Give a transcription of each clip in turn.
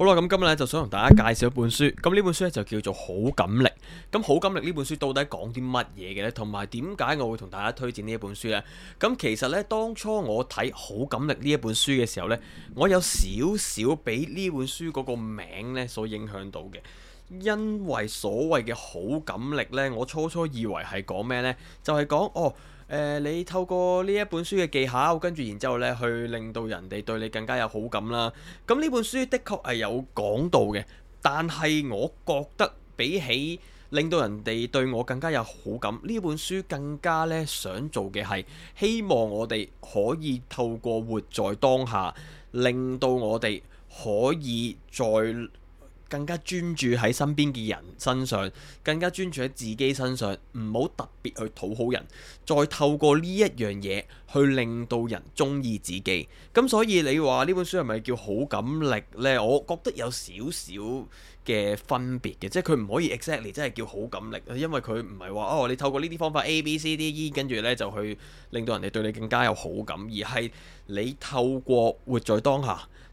好啦，咁今日呢就想同大家介紹一本書，咁呢本書呢就叫做《好感力》。咁《好感力》呢本書到底講啲乜嘢嘅呢？同埋點解我會同大家推薦呢一本書呢？咁其實呢，當初我睇《好感力》呢一本書嘅時候呢，我有少少俾呢本書嗰個名呢所影響到嘅，因為所謂嘅好感力呢，我初初以為係講咩呢？就係講哦。誒、呃，你透過呢一本書嘅技巧，跟住然之後呢，去令到人哋對你更加有好感啦。咁呢本書的確係有講到嘅，但係我覺得比起令到人哋對我更加有好感，呢本書更加呢想做嘅係，希望我哋可以透過活在當下，令到我哋可以再，更加專注喺身邊嘅人身上，更加專注喺自己身上，唔好特別去討好人，再透過呢一樣嘢去令到人中意自己。咁所以你話呢本書係咪叫好感力呢？我覺得有少少嘅分別嘅，即係佢唔可以 exactly 真係叫好感力，因為佢唔係話哦，你透過呢啲方法 A B, C, D,、e,、B、C、D、EA、B、C、D、E，跟住呢就去令到人哋對你更加有好感，而係你透過活在當下。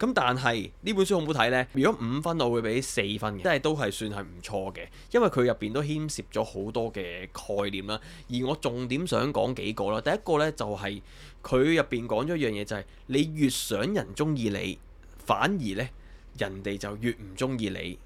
咁但係呢本書好唔好睇呢？如果五分，我會俾四分嘅，都係算係唔錯嘅，因為佢入邊都牽涉咗好多嘅概念啦。而我重點想講幾個啦，第一個呢，就係佢入邊講咗一樣嘢、就是，就係你越想人中意你，反而呢人哋就越唔中意你。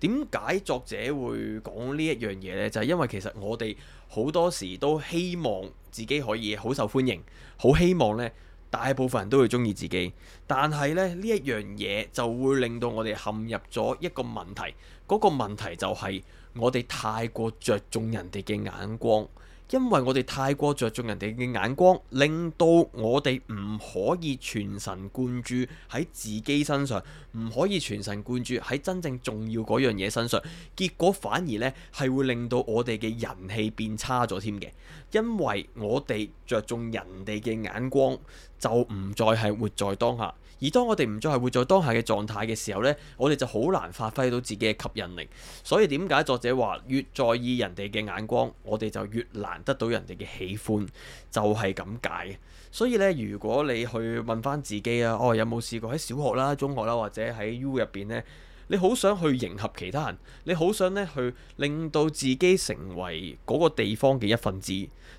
點解作者會講呢一樣嘢呢？就係、是、因為其實我哋好多時都希望自己可以好受歡迎，好希望呢。大部分人都會中意自己，但係咧呢一樣嘢就會令到我哋陷入咗一個問題。嗰個問題就係我哋太過着重人哋嘅眼光，因為我哋太過着重人哋嘅眼光，令到我哋唔可以全神貫注喺自己身上，唔可以全神貫注喺真正重要嗰樣嘢身上。結果反而呢係會令到我哋嘅人氣變差咗添嘅，因為我哋着重人哋嘅眼光。就唔再係活在當下，而當我哋唔再係活在當下嘅狀態嘅時候呢，我哋就好難發揮到自己嘅吸引力。所以點解作者話越在意人哋嘅眼光，我哋就越難得到人哋嘅喜歡，就係咁解。所以呢，如果你去問翻自己啊，哦，有冇試過喺小學啦、中學啦，或者喺 U 入邊呢？你好想去迎合其他人，你好想呢去令到自己成為嗰個地方嘅一份子，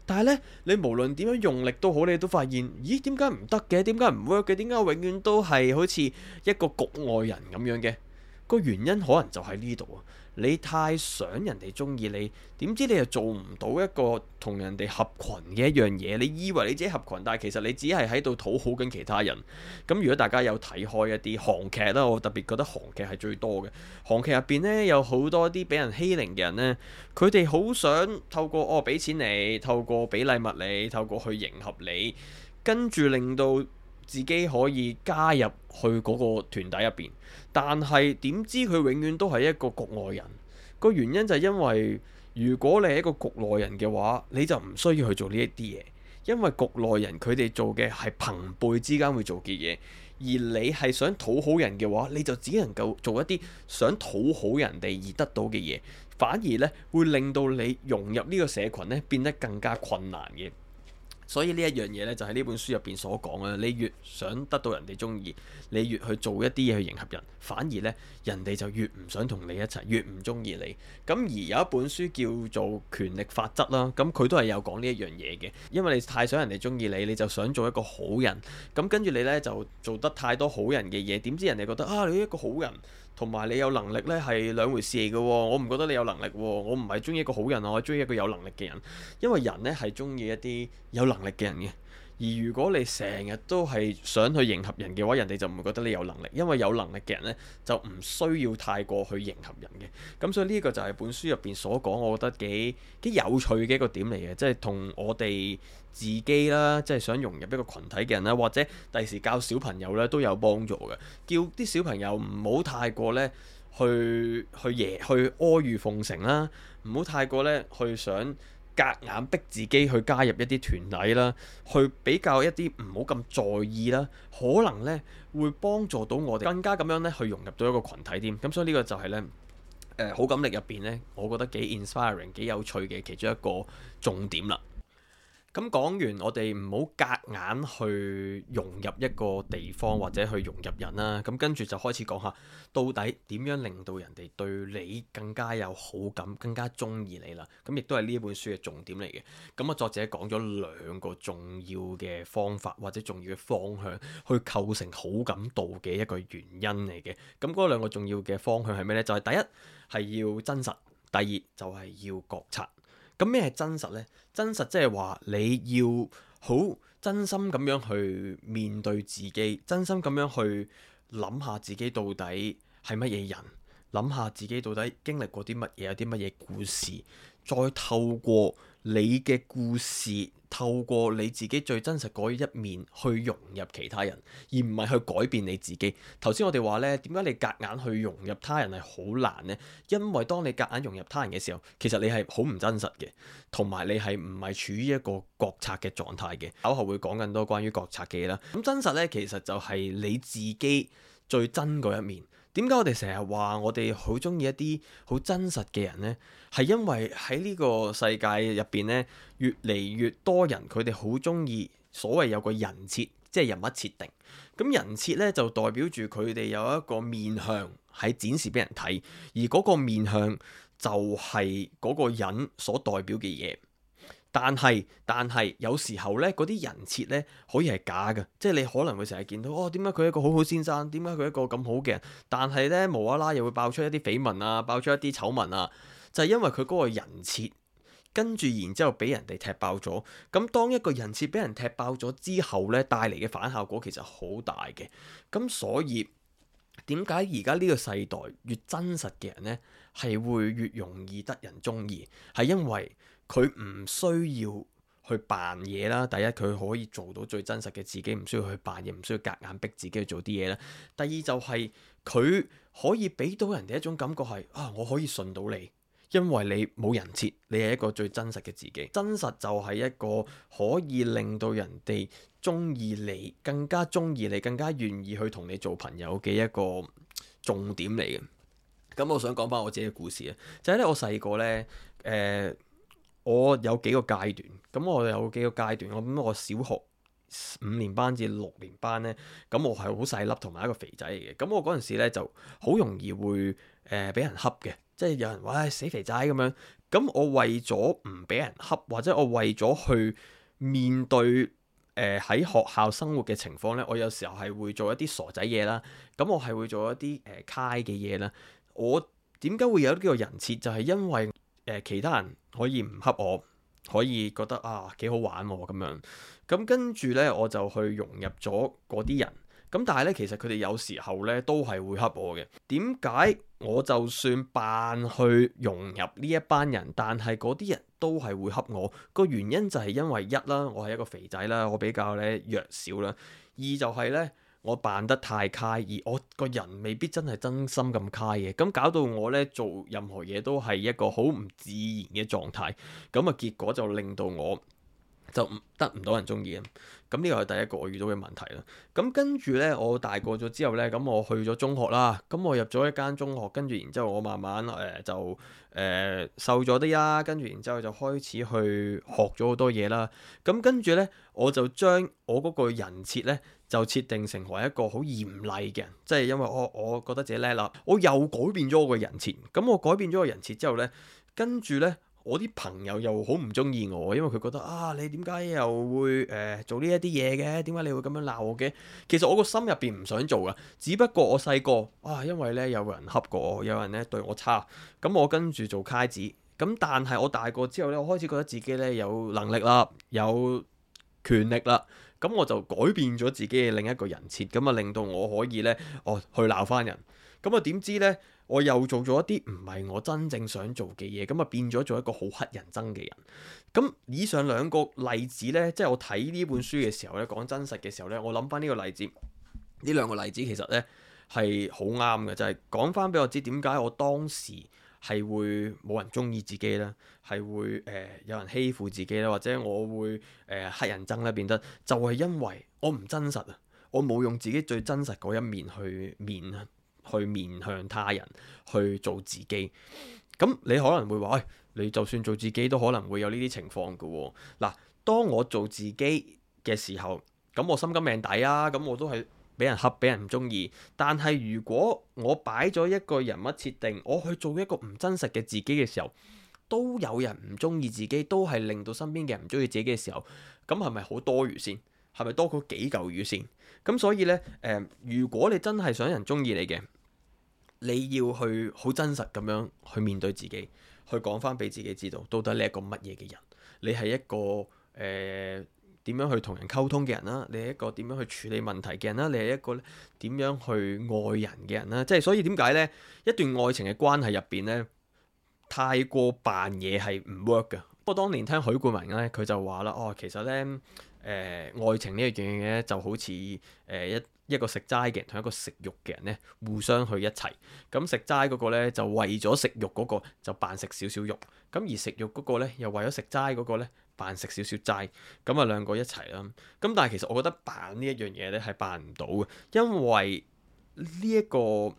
但係呢，你無論點樣用力都好，你都發現，咦？點解唔得嘅？點解唔 work 嘅？點解永遠都係好似一個局外人咁樣嘅？個原因可能就喺呢度啊！你太想人哋鍾意你，點知你又做唔到一個同人哋合群嘅一樣嘢？你以為你自己合群，但係其實你只係喺度討好緊其他人。咁如果大家有睇開一啲韓劇啦，我特別覺得韓劇係最多嘅。韓劇入邊呢，有好多啲俾人欺凌嘅人呢，佢哋好想透過哦俾錢你，透過俾禮物你，透過去迎合你，跟住令到自己可以加入去嗰個團體入邊，但係點知佢永遠都係一個局外人。個原因就係因為如果你係一個局內人嘅話，你就唔需要去做呢一啲嘢，因為局內人佢哋做嘅係朋輩之間會做嘅嘢，而你係想討好人嘅話，你就只能夠做一啲想討好人哋而得到嘅嘢，反而咧會令到你融入呢個社群咧變得更加困難嘅。所以呢一樣嘢呢，就喺、是、呢本書入邊所講啊！你越想得到人哋中意，你越去做一啲嘢去迎合人，反而呢，人哋就越唔想同你一齊，越唔中意你。咁而有一本書叫做《權力法則》啦，咁佢都係有講呢一樣嘢嘅。因為你太想人哋中意你，你就想做一個好人，咁跟住你呢，就做得太多好人嘅嘢，點知人哋覺得啊，你一個好人，同埋你有能力呢，係兩回事嚟嘅、哦。我唔覺得你有能力、哦，我唔係中意一個好人啊，我中意一個有能力嘅人。因為人呢係中意一啲有能力。力嘅人嘅，而如果你成日都係想去迎合人嘅話，人哋就唔會覺得你有能力，因為有能力嘅人呢，就唔需要太過去迎合人嘅。咁所以呢個就係本書入邊所講，我覺得幾幾有趣嘅一個點嚟嘅，即係同我哋自己啦，即係想融入一個群體嘅人啦，或者第時教小朋友呢，都有幫助嘅，叫啲小朋友唔好太過呢去去耶去阿諛奉承啦，唔好太過呢去想。隔硬逼自己去加入一啲團體啦，去比較一啲唔好咁在意啦，可能呢會幫助到我哋更加咁樣呢去融入到一個群體添。咁所以呢個就係呢誒好感力入邊呢，我覺得幾 inspiring、幾有趣嘅其中一個重點啦。咁講完，我哋唔好隔硬去融入一個地方或者去融入人啦。咁跟住就開始講下，到底點樣令到人哋對你更加有好感、更加中意你啦？咁亦都係呢本書嘅重點嚟嘅。咁啊，作者講咗兩個重要嘅方法或者重要嘅方向，去構成好感度嘅一個原因嚟嘅。咁嗰兩個重要嘅方向係咩呢？就係第一係要真實，第二就係要覺察。咁咩係真實呢？真實即係話你要好真心咁樣去面對自己，真心咁樣去諗下自己到底係乜嘢人，諗下自己到底經歷過啲乜嘢，有啲乜嘢故事，再透過，你嘅故事透過你自己最真實嗰一面去融入其他人，而唔係去改變你自己。頭先我哋話呢，點解你夾硬去融入他人係好難呢？因為當你夾硬融入他人嘅時候，其實你係好唔真實嘅，同埋你係唔係處於一個覺察嘅狀態嘅。稍後會講更多關於覺察嘅嘢啦。咁真實呢，其實就係你自己最真嗰一面。點解我哋成日話我哋好中意一啲好真實嘅人呢？係因為喺呢個世界入邊呢，越嚟越多人佢哋好中意所謂有個人設，即係人物設定。咁人設呢，就代表住佢哋有一個面向喺展示俾人睇，而嗰個面向就係嗰個人所代表嘅嘢。但係，但係，有時候呢嗰啲人設呢，可以係假嘅，即係你可能會成日見到，哦，點解佢一個好好先生，點解佢一個咁好嘅人？但係呢，無啦啦又會爆出一啲緋聞啊，爆出一啲醜聞啊，就係因為佢嗰個人設跟住，然之後俾人哋踢爆咗。咁當一個人設俾人踢爆咗之後呢，帶嚟嘅反效果其實好大嘅。咁所以點解而家呢個世代越真實嘅人呢，係會越容易得人中意，係因為？佢唔需要去扮嘢啦。第一，佢可以做到最真實嘅自己，唔需要去扮嘢，唔需要夾硬逼自己去做啲嘢啦。第二就係、是、佢可以俾到人哋一種感覺係啊，我可以信到你，因為你冇人設，你係一個最真實嘅自己。真實就係一個可以令到人哋中意你，更加中意你，更加願意去同你做朋友嘅一個重點嚟嘅。咁我想講翻我自己嘅故事啊，就係、是、咧，我細個呢。誒。我有幾個階段，咁我有幾個階段。咁我小學五年班至六年班呢，咁我係好細粒同埋一個肥仔嚟嘅。咁我嗰陣時呢就好容易會誒俾人恰嘅，即係有人話、哎：死肥仔咁樣。咁我為咗唔俾人恰，或者我為咗去面對誒喺、呃、學校生活嘅情況呢，我有時候係會做一啲傻仔嘢啦。咁我係會做一啲誒嘅嘢啦。我點解會有呢個人設？就係、是、因為。誒其他人可以唔恰我，可以覺得啊幾好玩咁樣，咁跟住呢，我就去融入咗嗰啲人，咁但係呢，其實佢哋有時候呢都係會恰我嘅。點解我就算扮去融入呢一班人，但係嗰啲人都係會恰我？個原因就係因為一啦，我係一個肥仔啦，我比較呢弱小啦。二就係呢。我扮得太卡而我個人未必真係真心咁卡嘅，咁搞到我呢，做任何嘢都係一個好唔自然嘅狀態，咁啊結果就令到我就得唔到人鍾意啊。咁呢個係第一個我遇到嘅問題啦。咁跟住呢，我大個咗之後呢，咁我去咗中學啦。咁我入咗一間中學，跟住然之後我慢慢誒、呃、就誒、呃、瘦咗啲啦。跟住然之後就開始去學咗好多嘢啦。咁跟住呢，我就將我嗰個人設呢就設定成為一個好嚴厲嘅人，即係因為我我覺得自己叻啦，我又改變咗我個人設。咁我改變咗我個人設之後呢，跟住呢。我啲朋友又好唔中意我，因為佢覺得啊，你點解又會誒、呃、做呢一啲嘢嘅？點解你會咁樣鬧我嘅？其實我個心入邊唔想做噶，只不過我細個啊，因為咧有人恰過我，有人咧對我差，咁我跟住做開子。咁但係我大個之後咧，我開始覺得自己咧有能力啦，有權力啦，咁我就改變咗自己嘅另一個人設，咁啊令到我可以咧，我、哦、去鬧翻人。咁啊，點知呢，我又做咗一啲唔係我真正想做嘅嘢，咁啊變咗做一個好乞人憎嘅人。咁以上兩個例子呢，即係我睇呢本書嘅時候呢，講真實嘅時候呢，我諗翻呢個例子，呢兩個例子其實呢係好啱嘅，就係講翻俾我知點解我當時係會冇人中意自己咧，係會誒有人欺負自己咧，或者我會誒乞人憎咧，變得就係因為我唔真實啊，我冇用自己最真實嗰一面去面啊。去面向他人去做自己，咁你可能會話：喂、哎，你就算做自己都可能會有呢啲情況嘅。嗱，當我做自己嘅時候，咁我心甘命抵啊！咁我都係俾人恰，俾人唔中意。但係如果我擺咗一個人物設定，我去做一個唔真實嘅自己嘅時候，都有人唔中意自己，都係令到身邊嘅人唔中意自己嘅時候，咁係咪好多餘先？係咪多過幾嚿魚先？咁所以呢，誒、呃，如果你真係想人中意你嘅，你要去好真實咁樣去面對自己，去講翻俾自己知道，到底你係一個乜嘢嘅人？你係一個誒點、呃、樣去同人溝通嘅人啦、啊？你係一個點樣去處理問題嘅人啦、啊？你係一個咧點樣去愛人嘅人啦、啊？即係所以點解呢一段愛情嘅關係入邊呢，太過扮嘢係唔 work 嘅。不過當年聽許冠文咧，佢就話啦：哦，其實呢。」誒、呃、愛情呢一樣嘢咧，就好似誒、呃、一一個食齋嘅人同一個食肉嘅人咧，互相去一齊。咁、嗯、食齋嗰個咧就為咗食肉嗰個就扮食少少肉。咁、嗯、而食肉嗰個咧又為咗食齋嗰個咧扮食少少齋。咁啊兩個一齊啦。咁、嗯、但係其實我覺得扮呢一樣嘢咧係扮唔到嘅，因為呢、這、一個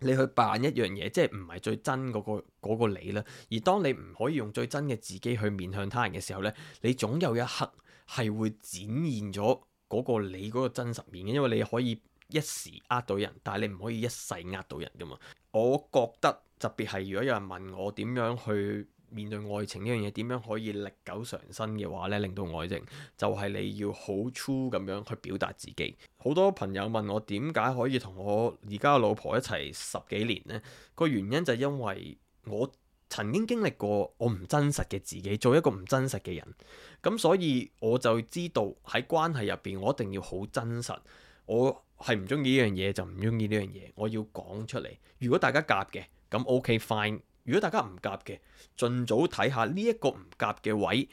你去扮一樣嘢，即係唔係最真嗰、嗰個你啦、嗰個。而當你唔可以用最真嘅自己去面向他人嘅時候咧，你總有一刻，係會展現咗嗰個你嗰個真實面嘅，因為你可以一時呃到人，但係你唔可以一世呃到人噶嘛。我覺得特別係如果有人問我點樣去面對愛情呢樣嘢，點樣可以歷久常新嘅話呢，令到愛情就係你要好 true 咁樣去表達自己。好多朋友問我點解可以同我而家老婆一齊十幾年呢？個原因就係因為我。曾經經歷過我唔真實嘅自己，做一個唔真實嘅人，咁所以我就知道喺關係入邊，我一定要好真實。我係唔中意呢樣嘢就唔中意呢樣嘢，我要講出嚟。如果大家夾嘅，咁 OK，fine；如果大家唔夾嘅，盡早睇下呢一個唔夾嘅位。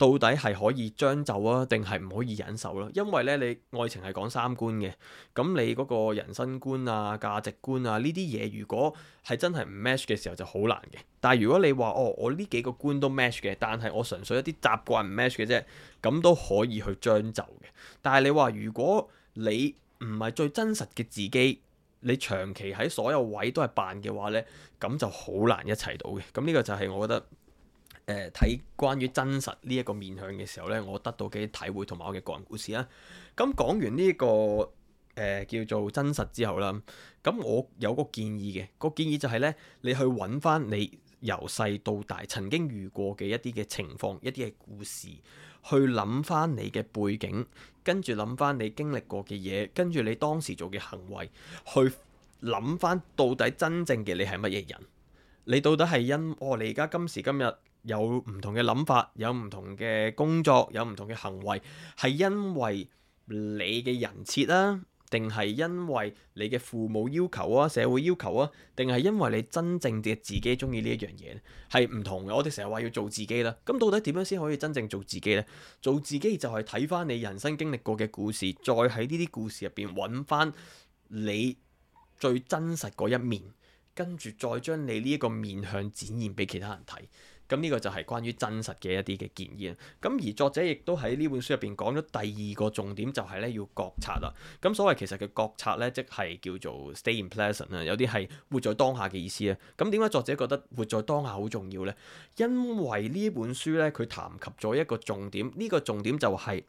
到底係可以將就啊，定係唔可以忍受咯、啊？因為咧，你愛情係講三觀嘅，咁你嗰個人生觀啊、價值觀啊呢啲嘢，如果係真係唔 match 嘅時候，就好難嘅。但係如果你話哦，我呢幾個觀都 match 嘅，但係我純粹一啲習慣唔 match 嘅啫，咁都可以去將就嘅。但係你話如果你唔係最真實嘅自己，你長期喺所有位都係扮嘅話呢，咁就好難一齊到嘅。咁呢個就係我覺得。誒，睇、呃、關於真實呢一個面向嘅時候呢，我得到嘅體會同埋我嘅個人故事啦、啊。咁、嗯、講完呢、這個誒、呃、叫做真實之後啦，咁、嗯、我有個建議嘅，個建議就係呢，你去揾翻你由細到大曾經遇過嘅一啲嘅情況、一啲嘅故事，去諗翻你嘅背景，跟住諗翻你經歷過嘅嘢，跟住你當時做嘅行為，去諗翻到底真正嘅你係乜嘢人？你到底係因哦？你而家今時今日。有唔同嘅諗法，有唔同嘅工作，有唔同嘅行為，係因為你嘅人設啦，定係因為你嘅父母要求啊，社會要求啊，定係因為你真正嘅自己中意呢一樣嘢，係唔同嘅。我哋成日話要做自己啦，咁到底點樣先可以真正做自己呢？做自己就係睇翻你人生經歷過嘅故事，再喺呢啲故事入邊揾翻你最真實嗰一面，跟住再將你呢一個面向展現俾其他人睇。咁呢個就係關於真實嘅一啲嘅建議啦。咁而作者亦都喺呢本書入邊講咗第二個重點，就係咧要覺察啦。咁所謂其實嘅覺察咧，即係叫做 stay present 啦，有啲係活在當下嘅意思啦。咁點解作者覺得活在當下好重要呢？因為呢本書咧，佢談及咗一個重點，呢、這個重點就係、是。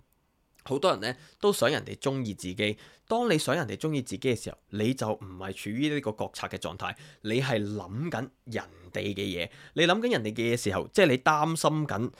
好多人呢都想人哋鍾意自己。當你想人哋鍾意自己嘅時候，你就唔係處於呢個覺察嘅狀態，你係諗緊人哋嘅嘢。你諗緊人哋嘅嘢時候，即係你擔心緊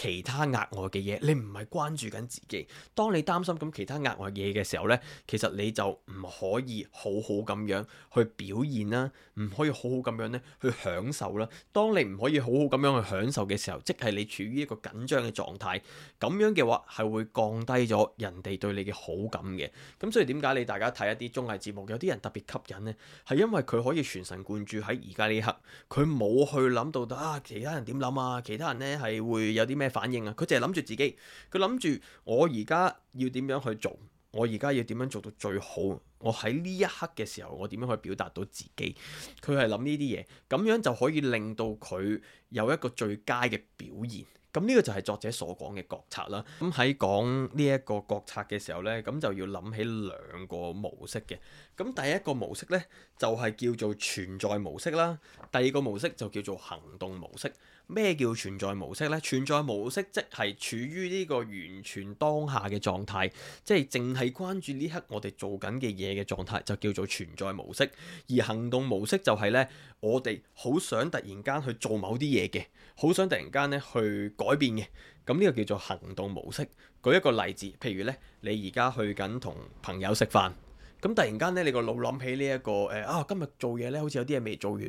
其他額外嘅嘢，你唔係關注緊自己。當你擔心咁其他額外嘢嘅時候呢，其實你就唔可以好好咁樣去表現啦，唔可以好好咁樣呢去享受啦。當你唔可以好好咁樣去享受嘅時候，即係你處於一個緊張嘅狀態。咁樣嘅話係會降低咗人哋對你嘅好感嘅。咁所以點解你大家睇一啲綜藝節目，有啲人特別吸引呢？係因為佢可以全神貫注喺而家呢一刻，佢冇去諗到啊其他人點諗啊，其他人呢係會有啲咩反應啊！佢淨係諗住自己，佢諗住我而家要點樣去做，我而家要點樣做到最好，我喺呢一刻嘅時候，我點樣去表達到自己？佢係諗呢啲嘢，咁樣就可以令到佢有一個最佳嘅表現。咁呢個就係作者所講嘅覺察啦。咁喺講呢一個覺察嘅時候呢，咁就要諗起兩個模式嘅。咁第一個模式呢，就係叫做存在模式啦，第二個模式就叫做行動模式。咩叫存在模式呢？存在模式即係處於呢個完全當下嘅狀態，即係淨係關注呢刻我哋做緊嘅嘢嘅狀態，就叫做存在模式。而行動模式就係呢：我哋好想突然間去做某啲嘢嘅，好想突然間呢去改變嘅，咁呢個叫做行動模式。舉一個例子，譬如呢：你而家去緊同朋友食飯，咁突然間呢，你個腦諗起呢一個誒啊，今日做嘢呢，好似有啲嘢未做完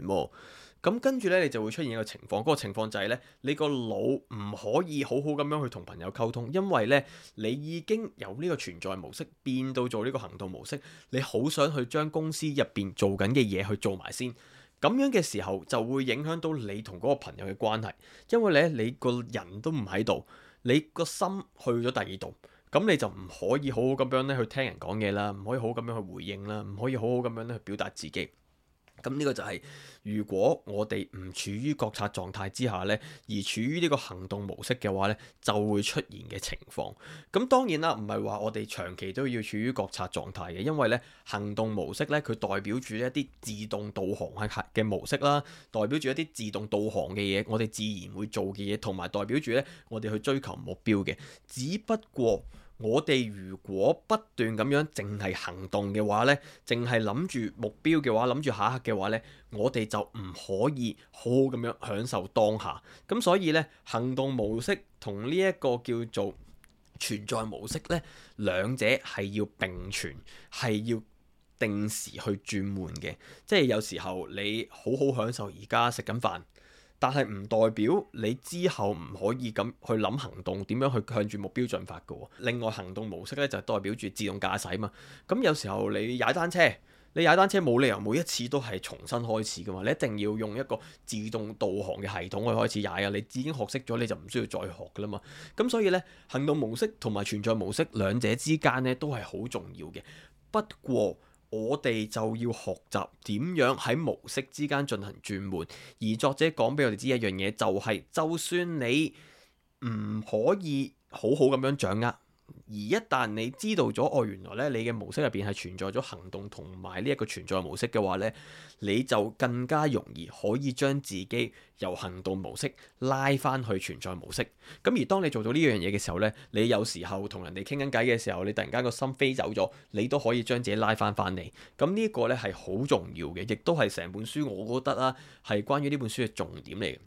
咁跟住呢，你就會出現一個情況，嗰個情況就係呢：你個腦唔可以好好咁樣去同朋友溝通，因為呢，你已經由呢個存在模式變到做呢個行動模式，你好想去將公司入邊做緊嘅嘢去做埋先，咁樣嘅時候就會影響到你同嗰個朋友嘅關係，因為呢，你個人都唔喺度，你個心去咗第二度，咁你就唔可以好好咁樣呢去聽人講嘢啦，唔可以好好咁樣去回應啦，唔可以好好咁樣去表達自己。咁呢個就係，如果我哋唔處於覺察狀態之下呢，而處於呢個行動模式嘅話呢，就會出現嘅情況。咁當然啦，唔係話我哋長期都要處於覺察狀態嘅，因為呢行動模式呢，佢代表住一啲自動導航嘅模式啦，代表住一啲自動導航嘅嘢，我哋自然會做嘅嘢，同埋代表住呢我哋去追求目標嘅。只不過，我哋如果不斷咁樣淨係行動嘅話呢，淨係諗住目標嘅話，諗住下一刻嘅話呢，我哋就唔可以好好咁樣享受當下。咁所以呢，行動模式同呢一個叫做存在模式呢，兩者係要並存，係要定時去轉換嘅。即係有時候你好好享受而家食緊飯。但係唔代表你之後唔可以咁去諗行動點樣去向住目標進發㗎喎。另外行動模式呢就代表住自動駕駛嘛。咁有時候你踩單車，你踩單車冇理由每一次都係重新開始㗎嘛。你一定要用一個自動導航嘅系統去開始踩啊。你已經學識咗你就唔需要再學㗎啦嘛。咁所以呢，行動模式同埋存在模式兩者之間呢，都係好重要嘅。不過，我哋就要學習點樣喺模式之間進行轉換，而作者講俾我哋知一樣嘢，就係就算你唔可以好好咁樣掌握。而一旦你知道咗，哦，原來咧你嘅模式入邊係存在咗行動同埋呢一個存在模式嘅話咧，你就更加容易可以將自己由行動模式拉翻去存在模式。咁而當你做到呢樣嘢嘅時候咧，你有時候同人哋傾緊偈嘅時候，你突然間個心飛走咗，你都可以將自己拉翻翻嚟。咁、這、呢個咧係好重要嘅，亦都係成本書我覺得啦係關於呢本書嘅重點嚟嘅。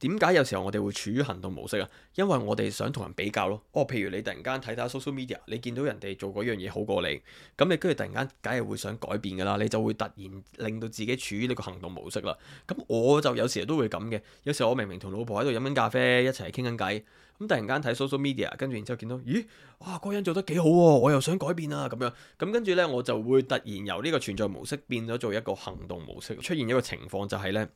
點解有時候我哋會處於行動模式啊？因為我哋想同人比較咯。哦，譬如你突然間睇下 social media，你見到人哋做嗰樣嘢好過你，咁你跟住突然間，梗係會想改變㗎喇。你就會突然令到自己處於呢個行動模式啦。咁我就有時都會咁嘅。有時我明明同老婆喺度飲緊咖啡，一齊傾緊偈，咁突然間睇 social media，跟住然之後見到，咦，哇，嗰個人做得幾好喎，我又想改變啊，咁樣。咁跟住呢，我就會突然由呢個存在模式變咗做一個行動模式，出現一個情況就係呢。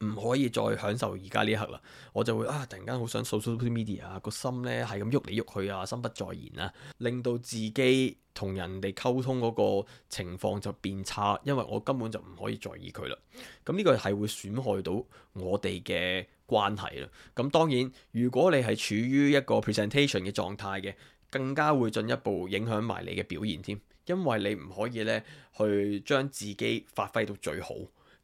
唔可以再享受而家呢一刻啦，我就會啊突然間好想掃 social media 啊，個心咧係咁喐嚟喐去啊，心不在焉啊，令到自己同人哋溝通嗰個情況就變差，因為我根本就唔可以在意佢啦。咁呢個係會損害到我哋嘅關係啦。咁當然，如果你係處於一個 presentation 嘅狀態嘅，更加會進一步影響埋你嘅表現添，因為你唔可以咧去將自己發揮到最好。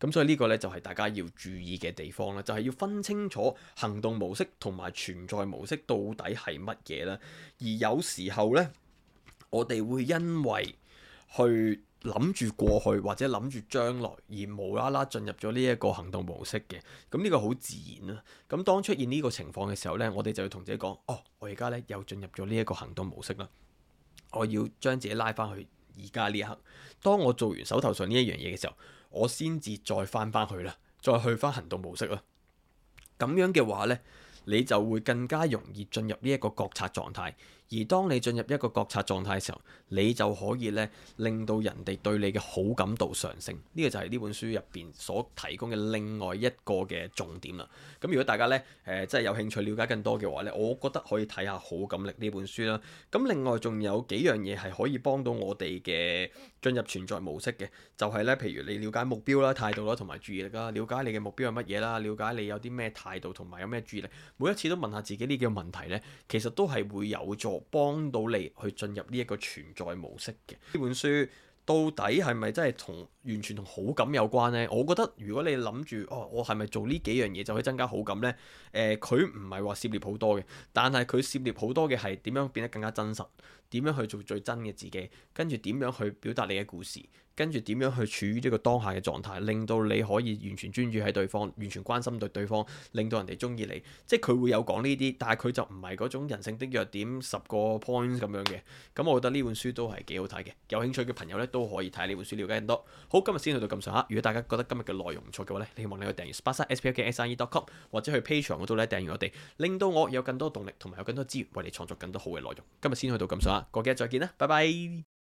咁所以呢個咧就係大家要注意嘅地方啦，就係要分清楚行動模式同埋存在模式到底係乜嘢啦。而有時候呢，我哋會因為去諗住過去或者諗住將來，而無啦啦進入咗呢一個行動模式嘅。咁呢個好自然啦。咁當出現呢個情況嘅時候呢，我哋就要同自己講：哦，我而家呢，又進入咗呢一個行動模式啦，我要將自己拉翻去。而家呢一刻，當我做完手頭上呢一樣嘢嘅時候，我先至再返返去啦，再去返行動模式啦。咁樣嘅話呢。你就會更加容易進入呢一個覺察狀態，而當你進入一個覺察狀態嘅時候，你就可以咧令到人哋對你嘅好感度上升。呢個就係呢本書入邊所提供嘅另外一個嘅重點啦。咁如果大家咧誒、呃、真係有興趣了解更多嘅話咧，我覺得可以睇下《好感力》呢本書啦。咁另外仲有幾樣嘢係可以幫到我哋嘅進入存在模式嘅，就係咧，譬如你了解目標啦、態度啦、同埋注意力啦，了解你嘅目標係乜嘢啦，了解你有啲咩態度同埋有咩注意力。每一次都問下自己呢個問題呢，其實都係會有助幫到你去進入呢一個存在模式嘅。呢本書到底係咪真係同完全同好感有關呢？我覺得如果你諗住哦，我係咪做呢幾樣嘢就可以增加好感呢？誒，佢唔係話涉獵好多嘅，但係佢涉獵好多嘅係點樣變得更加真實，點樣去做最真嘅自己，跟住點樣去表達你嘅故事。跟住點樣去處於呢個當下嘅狀態，令到你可以完全專注喺對方，完全關心對對方，令到人哋鍾意你。即係佢會有講呢啲，但係佢就唔係嗰種人性的弱點十個 point 咁樣嘅。咁、嗯、我覺得呢本書都係幾好睇嘅，有興趣嘅朋友咧都可以睇呢本書，了解更多。好，今日先去到咁上下。如果大家覺得今日嘅內容唔錯嘅話呢，希望你可以訂閱 sparksine.com 或者去 Patreon 度，呢訂閱我哋，令到我有更多動力同埋有更多資源為你創作更多好嘅內容。今日先去到咁上下，過幾日再見啦，拜拜。